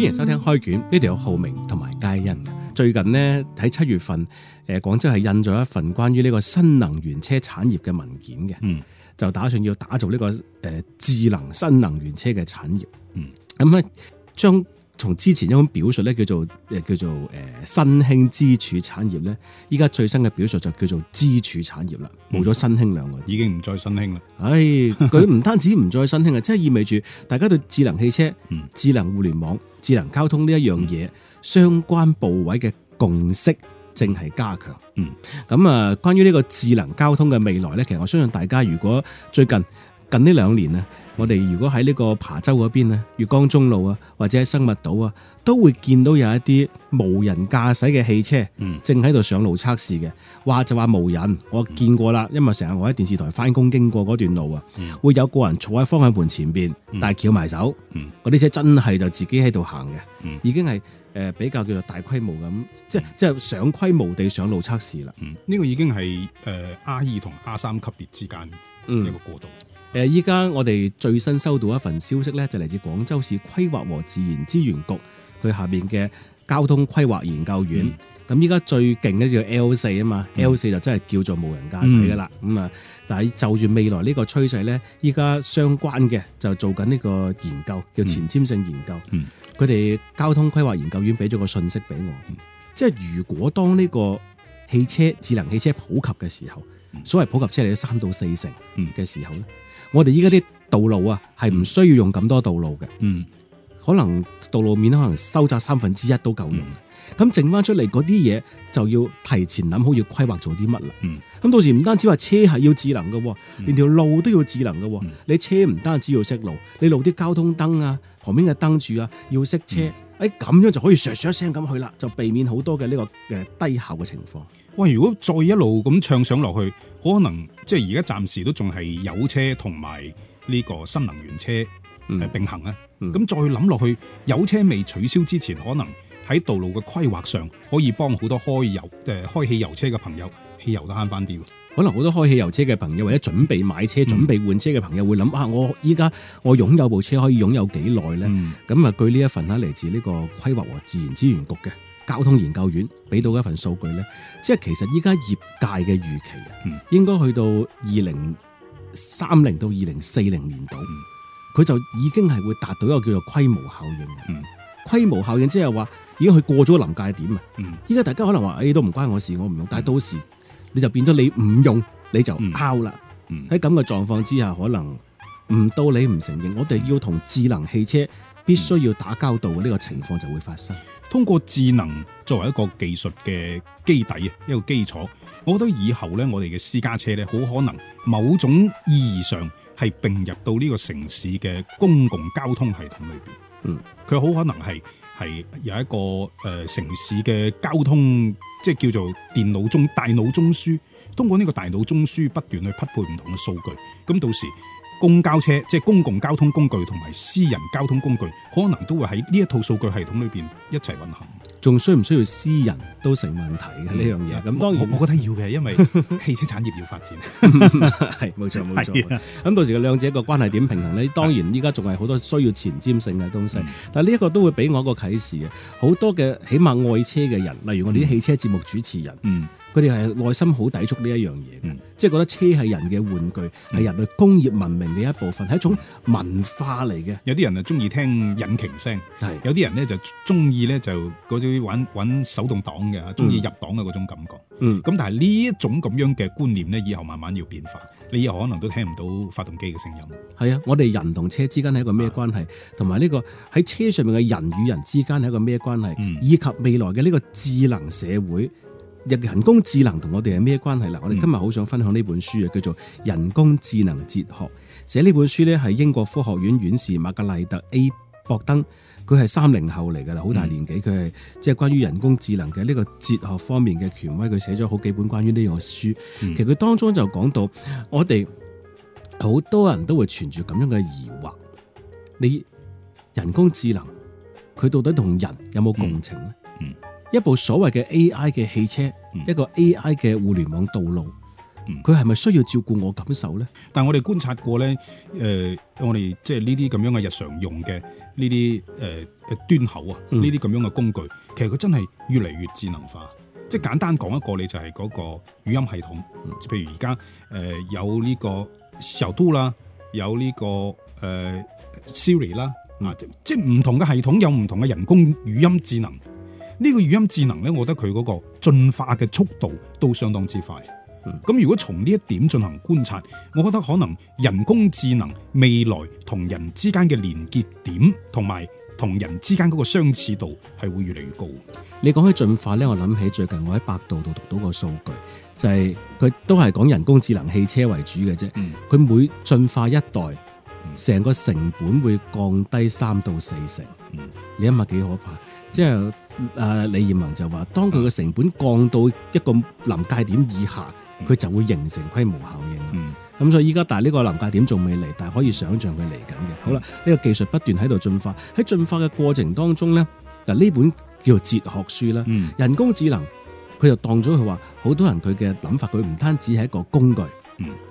歡迎收聽開卷，呢度有浩明同埋佳欣。最近呢，喺七月份，誒，廣州係印咗一份關於呢個新能源車產業嘅文件嘅，嗯，就打算要打造呢個誒智能新能源車嘅產業，嗯，咁咧將從之前一種表述咧叫做誒叫做誒新興支柱產業咧，依家最新嘅表述就叫做支柱產業啦，冇咗新興兩個，哎，已經唔再新興啦。唉，佢唔單止唔再新興啊，即係意味住大家對智能汽車、智能互聯網。智能交通呢一樣嘢，相關部位嘅共識正係加強。嗯，咁啊，關於呢個智能交通嘅未來呢，其實我相信大家，如果最近近呢兩年啊。我哋如果喺呢個琶洲嗰邊啊，月光中路啊，或者喺生物島啊，都會見到有一啲無人駕駛嘅汽車，正喺度上路測試嘅。話就話無人，我見過啦，因為成日我喺電視台翻工經過嗰段路啊，嗯、會有個人坐喺方向盤前邊，嗯、但係翹埋手，嗰啲、嗯、車真係就自己喺度行嘅，已經係誒比較叫做大規模咁，嗯、即係即係上規模地上路測試啦。呢、嗯、個已經係誒 R 二同 R 三級別之間嘅一個過渡。嗯誒，依家、呃、我哋最新收到一份消息呢就嚟自廣州市規劃和自然資源局佢下面嘅交通規劃研究院。咁依家最勁嘅就 L 四啊嘛、嗯、L 四就真係叫做無人駕駛噶啦。咁啊、嗯嗯，但係就住未來呢個趨勢呢，依家相關嘅就做緊呢個研究，叫前瞻性研究。佢哋、嗯、交通規劃研究院俾咗個信息俾我，嗯、即係如果當呢個汽車智能汽車普及嘅時候，嗯、所謂普及車嚟到三到四成嘅時候、嗯嗯我哋依家啲道路啊，係唔需要用咁多道路嘅，嗯，可能道路面可能收窄三分之一都夠用，咁剩翻出嚟嗰啲嘢就要提前諗好要規劃做啲乜啦，嗯，咁到時唔單止話車係要智能嘅，嗯、連條路都要智能嘅，嗯、你車唔單止要識路，你路啲交通燈啊，旁邊嘅燈柱啊，要識車。嗯誒咁，哎、樣就可以削削聲咁去啦，就避免好多嘅呢個低效嘅情況。喂，如果再一路咁暢想落去，可能即係而家暫時都仲係有車同埋呢個新能源車誒並行啊。咁，嗯嗯、再諗落去，有車未取消之前，可能喺道路嘅規劃上可以幫好多開油誒、呃、開汽油車嘅朋友，汽油都慳翻啲。可能好多開汽油車嘅朋友，或者準備買車、準備換車嘅朋友會想，會諗啊，我依家我擁有部車可以擁有幾耐咧？咁啊、嗯，據呢一份啊嚟自呢個規劃和自然資源局嘅交通研究院俾到一份數據咧，即係其實依家業界嘅預期應該去到二零三零到二零四零年度，佢、嗯、就已經係會達到一個叫做規模效應。嗯、規模效應即係話已經去過咗個臨界點啊！依家、嗯、大家可能話，哎，都唔關我事，我唔用，但係到時，你就變咗你唔用你就 out 啦。喺咁嘅狀況之下，可能唔到你唔承認，我哋要同智能汽車必須要打交道嘅呢、嗯、個情況就會發生。通過智能作為一個技術嘅基底啊，一個基礎，我覺得以後呢，我哋嘅私家車呢，好可能某種意義上係並入到呢個城市嘅公共交通系統裏邊。嗯，佢好可能係。係有一個、呃、城市嘅交通，即叫做電腦中，大腦中樞，通過呢個大腦中樞不斷去匹配唔同嘅數據，咁到時公交車即係公共交通工具同埋私人交通工具，可能都會喺呢一套數據系統裏面一齊運行。仲需唔需要私人都成問題嘅呢樣嘢，咁當然我，我覺得要嘅， 因為汽車產業要發展，係冇錯冇錯。咁到時嘅兩者個關係點平衡呢？當然依家仲係好多需要前瞻性嘅東西，嗯、但係呢一個都會俾我一個啟示嘅，好多嘅起碼愛車嘅人，例如我哋啲汽車節目主持人，嗯。嗯佢哋係內心好抵觸呢一樣嘢，嗯、即係覺得車係人嘅玩具，係人類工業文明嘅一部分，係、嗯、一種文化嚟嘅。有啲人啊，中意聽引擎聲，是有啲人呢就中意呢，就嗰啲玩玩手動擋嘅，中意、嗯、入擋嘅嗰種感覺。咁、嗯、但係呢一種咁樣嘅觀念呢，以後慢慢要變化，你以後可能都聽唔到發動機嘅聲音。係啊，我哋人同車之間係一個咩關係？同埋呢個喺車上面嘅人與人之間係一個咩關係？嗯、以及未來嘅呢個智能社會。人工智能同我哋係咩關係嗱？嗯、我哋今日好想分享呢本書啊，叫做《人工智能哲學》。寫呢本書咧，係英國科學院院士馬格麗特 A 博登，佢係三零後嚟噶啦，好大年紀，佢係即係關於人工智能嘅呢、呢個哲學方面嘅權威，佢寫咗好幾本關於呢個書。嗯、其實佢當中就講到，我哋好多人都會存住咁樣嘅疑惑：你人工智能佢到底同人有冇共情咧？嗯嗯一部所謂嘅 AI 嘅汽車，嗯、一個 AI 嘅互聯網道路，佢係咪需要照顧我感受咧？但係我哋觀察過咧，誒、呃，我哋即係呢啲咁樣嘅日常用嘅呢啲誒端口啊，呢啲咁樣嘅工具，嗯、其實佢真係越嚟越智能化。即係、嗯、簡單講一個，你就係嗰個語音系統，嗯、譬如而家誒有呢個 s i t o 啦，有呢個誒 Siri 啦、嗯，啊，即係唔同嘅系統有唔同嘅人工語音智能。呢個語音智能咧，我覺得佢嗰個進化嘅速度都相當之快。咁、嗯、如果從呢一點進行觀察，我覺得可能人工智能未來同人之間嘅連結點同埋同人之間嗰個相似度係會越嚟越高。你講起進化呢，我諗起最近我喺百度度讀到個數據，就係、是、佢都係講人工智能汽車為主嘅啫。佢、嗯、每進化一代，成個成本會降低三到四成。嗯、你諗下幾可怕？即係，阿李彥宏就話，當佢嘅成本降到一個臨界點以下，佢就會形成規模效應。咁、嗯、所以依家，但係呢個臨界點仲未嚟，但係可以想象佢嚟緊嘅。好啦，呢、嗯、個技術不斷喺度進化，喺進化嘅過程當中咧，嗱呢本叫做哲學書啦，嗯、人工智能，佢就當咗佢話，好多人佢嘅諗法，佢唔單止係一個工具。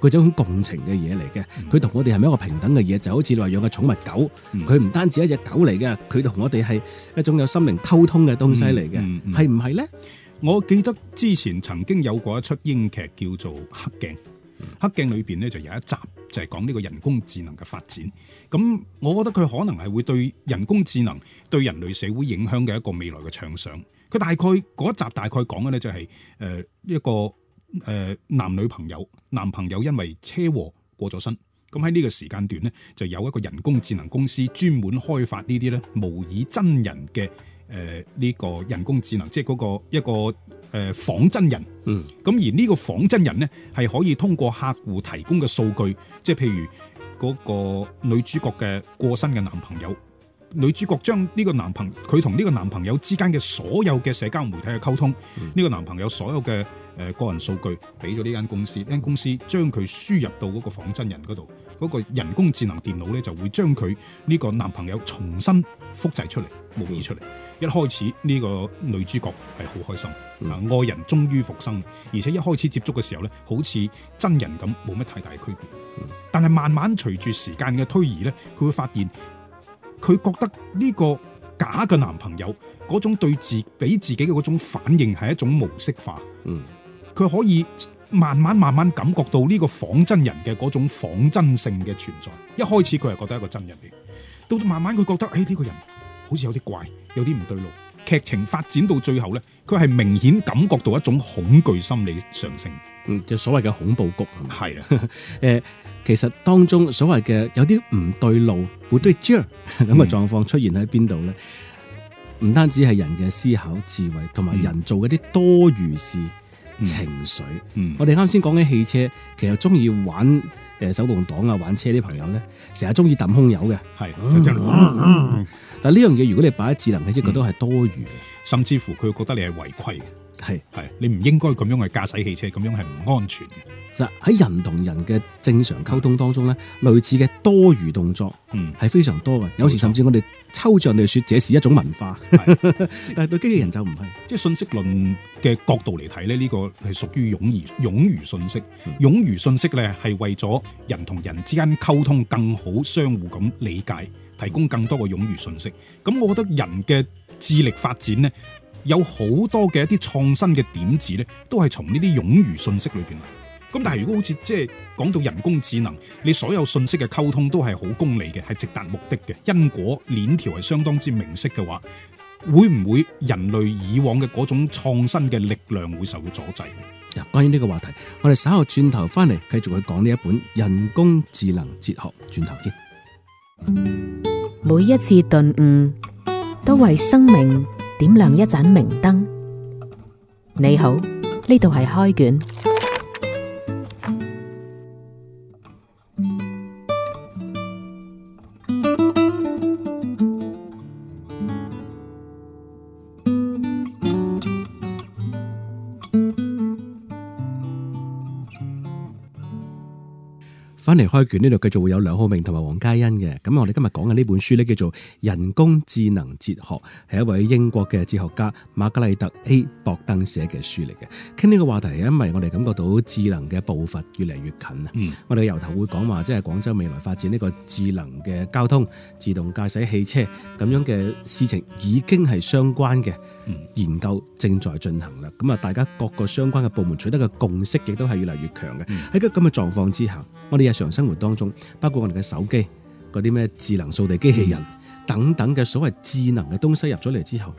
佢、嗯、種共情嘅嘢嚟嘅，佢同、嗯、我哋係咪一個平等嘅嘢？就好似你話養個寵物狗，佢唔、嗯、單止係一隻狗嚟嘅，佢同我哋係一種有心靈溝通嘅東西嚟嘅，係唔係呢？我記得之前曾經有過一齣英劇叫做《黑鏡》，嗯《黑鏡》裏邊呢就有一集就係講呢個人工智能嘅發展。咁我覺得佢可能係會對人工智能對人類社會影響嘅一個未來嘅暢想。佢大概嗰一集大概講嘅呢，就係誒一個。誒、呃，男女朋友，男朋友因為車禍過咗身，咁喺呢個時間段呢，就有一個人工智能公司專門開發呢啲呢模擬真人嘅誒呢個人工智能，即係嗰個一個誒、呃、仿真人。嗯，咁而呢個仿真人呢，係可以通過客戶提供嘅數據，即係譬如嗰個女主角嘅過身嘅男朋友。女主角將呢個男朋友，佢同呢個男朋友之間嘅所有嘅社交媒體嘅溝通，呢、嗯、個男朋友所有嘅誒、呃、個人數據俾咗呢間公司，呢間公司將佢輸入到嗰個仿真人嗰度，嗰、那個人工智能電腦呢就會將佢呢個男朋友重新複製出嚟，模擬出嚟。一開始呢、這個女主角係好開心，嗯、啊愛人終於復生，而且一開始接觸嘅時候呢，好似真人咁，冇乜太大嘅區別。嗯、但係慢慢隨住時間嘅推移呢，佢會發現。佢覺得呢個假嘅男朋友嗰種對自俾自己嘅嗰種反應係一種模式化，嗯，佢可以慢慢慢慢感覺到呢個仿真人嘅嗰種仿真性嘅存在。一開始佢係覺得一個真人嚟；到慢慢佢覺得，哎，呢個人好似有啲怪，有啲唔對路。劇情發展到最後呢，佢係明顯感覺到一種恐懼心理上升，嗯，就所謂嘅恐怖谷係啦，誒的。 呃其實當中所謂嘅有啲唔對路、唔對焦咁嘅狀況出現喺邊度咧？唔、嗯、單止係人嘅思考、智慧同埋人做嗰啲多餘事、嗯、情緒。嗯嗯、我哋啱先講緊汽車，其實中意玩誒手動檔啊玩車啲朋友咧，成日中意抌空油嘅。係，嗯嗯嗯、但呢樣嘢如果你擺喺智能汽車都係多餘嘅，甚至乎佢會覺得你係違規嘅。係係是，你唔應該咁樣去駕駛汽車，咁樣係唔安全嘅。嗱，喺人同人嘅正常溝通當中咧，的類似嘅多餘動作，嗯，係非常多嘅。嗯、有時候甚至我哋抽象地說，這是一種文化，嗯，但係對機器人就唔係、嗯。即係信息論嘅角度嚟睇咧，呢、呢個係屬於冗餘冗餘信息。冗餘信息咧係為咗人同人之間溝通更好，相互咁理解，提供更多嘅冗餘信息。咁我覺得人嘅智力發展咧，有好多嘅一啲創新嘅點子呢，都係從呢啲冗餘信息裏邊嚟。咁但係如果好似即係講到人工智能，你所有信息嘅溝通都係好功利嘅，係直達目的嘅，因果鏈條係相當之明晰嘅話，會唔會人類以往嘅嗰種創新嘅力量會受到阻滯？嗱，關於呢個話題，我哋稍後轉頭翻嚟繼續去講呢一本《人工智能哲學》轉頭先。每一次頓悟都為生命點亮一盞明燈。你好，呢度係開卷。翻嚟，開卷呢度，繼續會有梁浩明同埋黃嘉欣嘅，咁我哋今日講嘅呢本書呢叫做《人工智能哲學》，係一位英國嘅哲學家馬格麗特 A 博登寫嘅書嚟嘅。傾呢個話題，因為我哋感覺到智能嘅步伐越嚟越近啊，嗯、我哋由頭會講話，即係廣州未來發展呢個智能嘅交通、自動駕駛汽車咁樣嘅事情，已經係相關嘅。研究正在進行啦，咁啊，大家各個相關嘅部門取得嘅共識亦都係越嚟越強嘅。喺個咁嘅狀況之下，我哋日常生活當中，包括我哋嘅手機嗰啲咩智能掃地機器人等等嘅所謂智能嘅東西入咗嚟之後，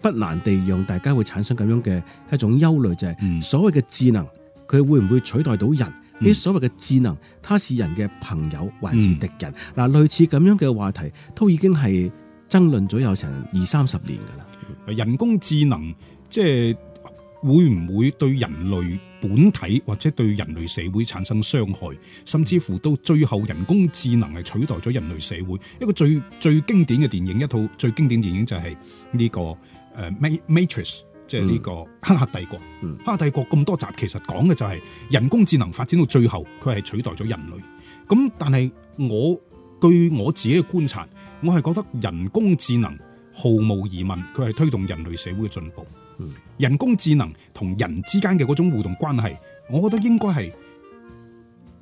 不難地讓大家會產生咁樣嘅一種憂慮，就係所謂嘅智能佢會唔會取代到人？呢啲所謂嘅智能，它是人嘅朋友還是敵人？嗱，類似咁樣嘅話題都已經係。爭論咗有成二三十年噶啦，人工智能即係會唔會對人類本體或者對人類社會產生傷害，甚至乎到最後人工智能係取代咗人類社會。一個最最經典嘅電影，一套最經典電影就係呢個誒 Matrix，即係呢個黑客帝國。嗯，黑客帝國咁多集，其實講嘅就係人工智能發展到最後，佢係取代咗人類。咁但係我。據我自己嘅觀察，我係覺得人工智能毫無疑問佢係推動人類社會嘅進步。嗯，人工智能同人之間嘅嗰種互動關係，我覺得應該係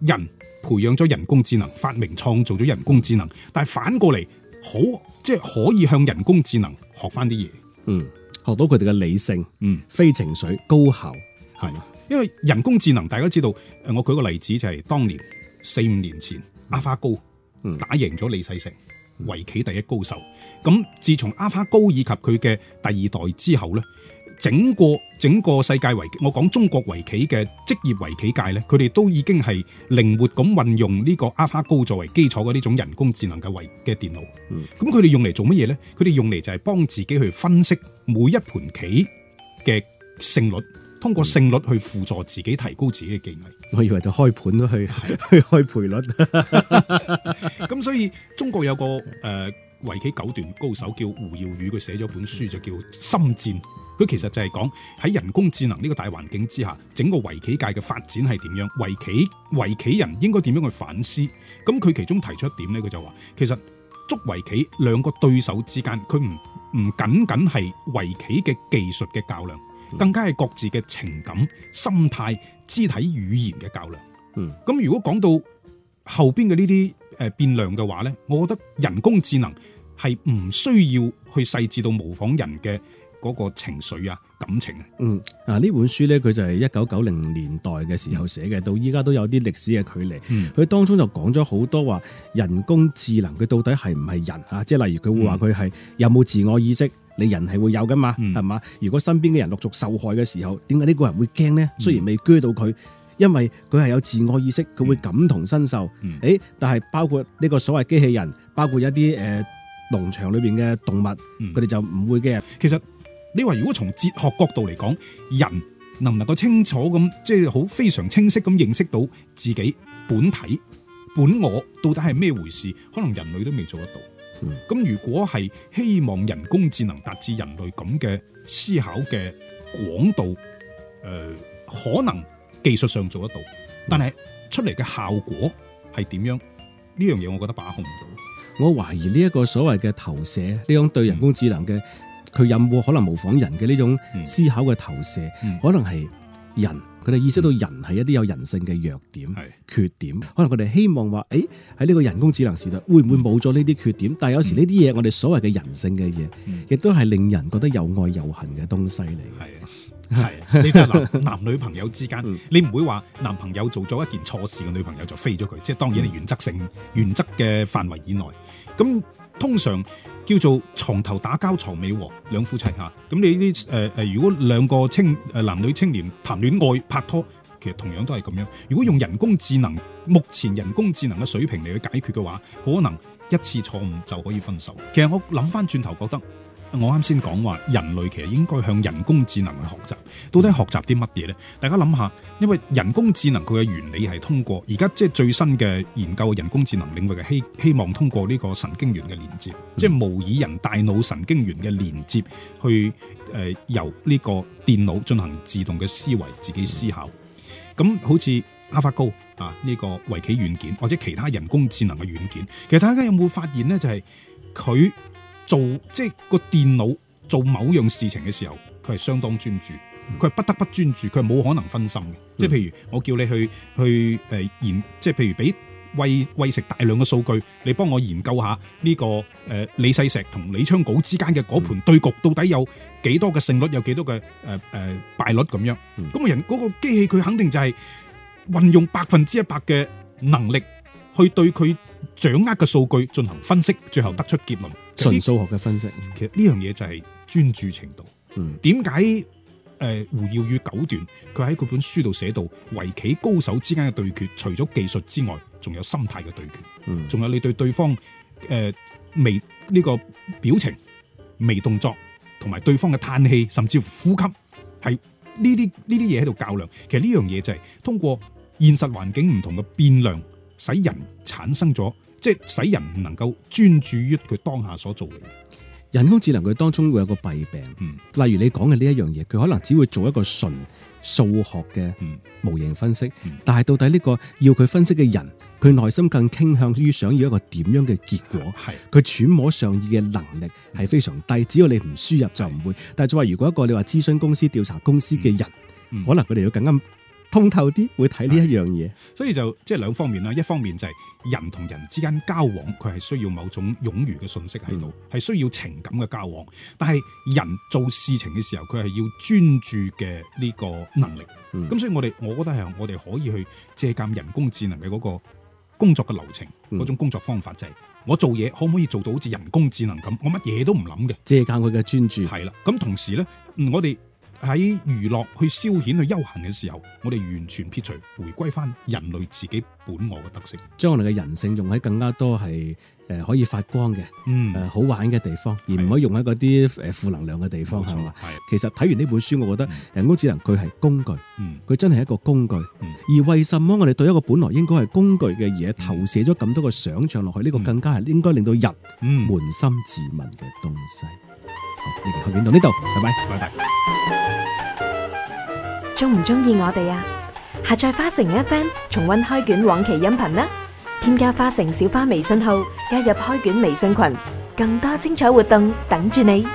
人培養咗人工智能，發明創造咗人工智能，但係反過嚟好即係、就是、可以向人工智能學翻啲嘢。嗯，學到佢哋嘅理性，嗯，非情緒，高效，係。因為人工智能大家知道，我舉個例子就係、是、當年四五年前 AlphaGo。打贏咗李世成，圍棋第一高手。咁自從 AlphaGo 以及佢嘅第二代之後呢，整個整個世界圍，我講中國圍棋嘅職業圍棋界呢，佢哋都已經係靈活咁運用呢個 AlphaGo 作為基礎嘅呢種人工智能嘅圍嘅電腦。咁佢哋用嚟做乜嘢呢？佢哋用嚟就係幫自己去分析每一盤棋嘅勝率。通過勝率去輔助自己提高自己嘅技藝，我以為就開盤都去的去開賠率。咁 所以中國有個誒、呃、圍棋九段高手叫胡耀宇，佢寫咗本書就叫《心戰》。佢其實就係講喺人工智能呢個大環境之下，整個圍棋界嘅發展係點樣？圍棋圍棋人應該點樣去反思？咁佢其中提出一點咧，佢就話其實捉圍棋兩個對手之間，佢唔唔僅僅係圍棋嘅技術嘅較量。更加係各自嘅情感、心態、肢體、語言嘅較量。嗯，咁如果講到後邊嘅呢啲誒變量嘅話咧，我覺得人工智能係唔需要去細緻到模仿人嘅嗰個情緒啊、感情啊。嗯，啊呢本書咧，佢就係一九九零年代嘅時候寫嘅，到依家都有啲歷史嘅距離。佢、嗯、當中就講咗好多話人工智能佢到底係唔係人啊？即係例如佢會話佢係有冇自我意識？嗯你人係會有噶嘛？係嘛、嗯？如果身邊嘅人陸續受害嘅時候，點解呢個人會驚咧？雖然未居到佢，嗯、因為佢係有自我意識，佢會感同身受。誒、嗯，嗯、但係包括呢個所謂機器人，包括一啲誒、呃、農場裏邊嘅動物，佢哋、嗯、就唔會嘅。其實你話如果從哲學角度嚟講，人能唔能夠清楚咁，即係好非常清晰咁認識到自己本體本我到底係咩回事？可能人類都未做得到。咁、嗯、如果係希望人工智能達至人類咁嘅思考嘅廣度，誒、呃，可能技術上做得到，但係出嚟嘅效果係點樣？呢樣嘢我覺得把控唔到。我懷疑呢一個所謂嘅投射，呢種對人工智能嘅佢、嗯、有冇可能模仿人嘅呢種思考嘅投射，嗯嗯、可能係人。佢哋意識到人係一啲有人性嘅弱點、缺點，可能佢哋希望話，誒喺呢個人工智能時代，會唔會冇咗呢啲缺點？但係有時呢啲嘢，我哋所謂嘅人性嘅嘢，亦都係令人覺得又愛又恨嘅東西嚟嘅。係啊，係啊，你睇男男女朋友之間，你唔會話男朋友做咗一件錯事，個女朋友就飛咗佢，即係當然係原則性原則嘅範圍以內。咁通常。叫做床頭打交床尾和，兩夫妻下，咁你啲、呃、如果兩個青、呃、男女青年談戀愛拍拖，其實同樣都係咁樣。如果用人工智能，目前人工智能嘅水平嚟去解決嘅話，可能一次錯誤就可以分手。其實我諗翻轉頭覺得。我啱先講話人類其實應該向人工智能去學習，到底學習啲乜嘢呢？嗯、大家諗下，因為人工智能佢嘅原理係通過而家即係最新嘅研究人工智能領域嘅希希望通過呢個神經元嘅連接，嗯、即係模擬人大腦神經元嘅連接去、呃、由呢個電腦進行自動嘅思維，自己思考。咁、嗯、好似 AlphaGo 啊呢、呢個圍棋軟件或者其他人工智能嘅軟件，其實大家有冇發現呢？就係佢。做即係個電腦做某樣事情嘅時候，佢係相當專注，佢係不得不專注，佢係冇可能分心嘅。即係譬如我叫你去去誒研，呃，即係譬如俾喂喂食大量嘅數據，你幫我研究一下呢、這個誒、呃、李世石同李昌鎬之間嘅嗰盤對局到底有幾多嘅勝率，有幾多嘅誒誒敗率咁樣。咁啊人嗰、那個機器佢肯定就係運用百分之一百嘅能力去對佢掌握嘅數據進行分析，最後得出結論。純數學嘅分析，其實呢樣嘢就係專注程度。嗯，點解誒胡耀宇九段佢喺佢本書度寫到，圍棋高手之間嘅對決，除咗技術之外，仲有心態嘅對決。嗯，仲有你對對方誒、呃、微呢、這個表情、微動作，同埋對方嘅嘆氣，甚至乎呼吸，係呢啲呢啲嘢喺度較量。其實呢樣嘢就係、是、通過現實環境唔同嘅變量，使人產生咗。即使人唔能夠專注於佢當下所做嘅嘢。人工智能佢當中會有個弊病，嗯、例如你講嘅呢一樣嘢，佢可能只會做一個純數學嘅模型分析，嗯嗯、但係到底呢個要佢分析嘅人，佢內心更傾向於想要一個點樣嘅結果，係佢揣摩上意嘅能力係非常低。嗯、只要你唔輸入就唔會。是但係就話如果一個你話諮詢公司、調查公司嘅人，嗯、可能佢哋要更加。通透啲會睇呢一樣嘢，所以就即係兩方面啦。一方面就係人同人之間交往，佢係需要某種冗餘嘅信息喺度，係、嗯、需要情感嘅交往。但係人做事情嘅時候，佢係要專注嘅呢個能力。咁、嗯、所以我哋，我覺得係我哋可以去借鑑人工智能嘅嗰個工作嘅流程，嗰、嗯、種工作方法就係我做嘢可唔可以做到好似人工智能咁？我乜嘢都唔諗嘅，借鑑佢嘅專注。係啦，咁同時呢，我哋。喺娛樂去消遣去休閒嘅時候，我哋完全撇除，回歸翻人類自己本我嘅特色，將我哋嘅人性用喺更加多係誒可以發光嘅，誒、嗯呃、好玩嘅地方，而唔可以用喺嗰啲誒負能量嘅地方，係嘛？係。其實睇完呢本書，我覺得人工智能佢係工具，佢、嗯、真係一個工具。嗯、而為什麼我哋對一個本來應該係工具嘅嘢投射咗咁多個想像落去，呢、這個更加係應該令到人捫心自問嘅東西。我哋開卷到呢度，拜拜拜拜。中唔中意我哋啊？下載花城 FM 重溫開卷往期音頻啦！添加花城小花微信號，加入開卷微信群，更多精彩活動等住你。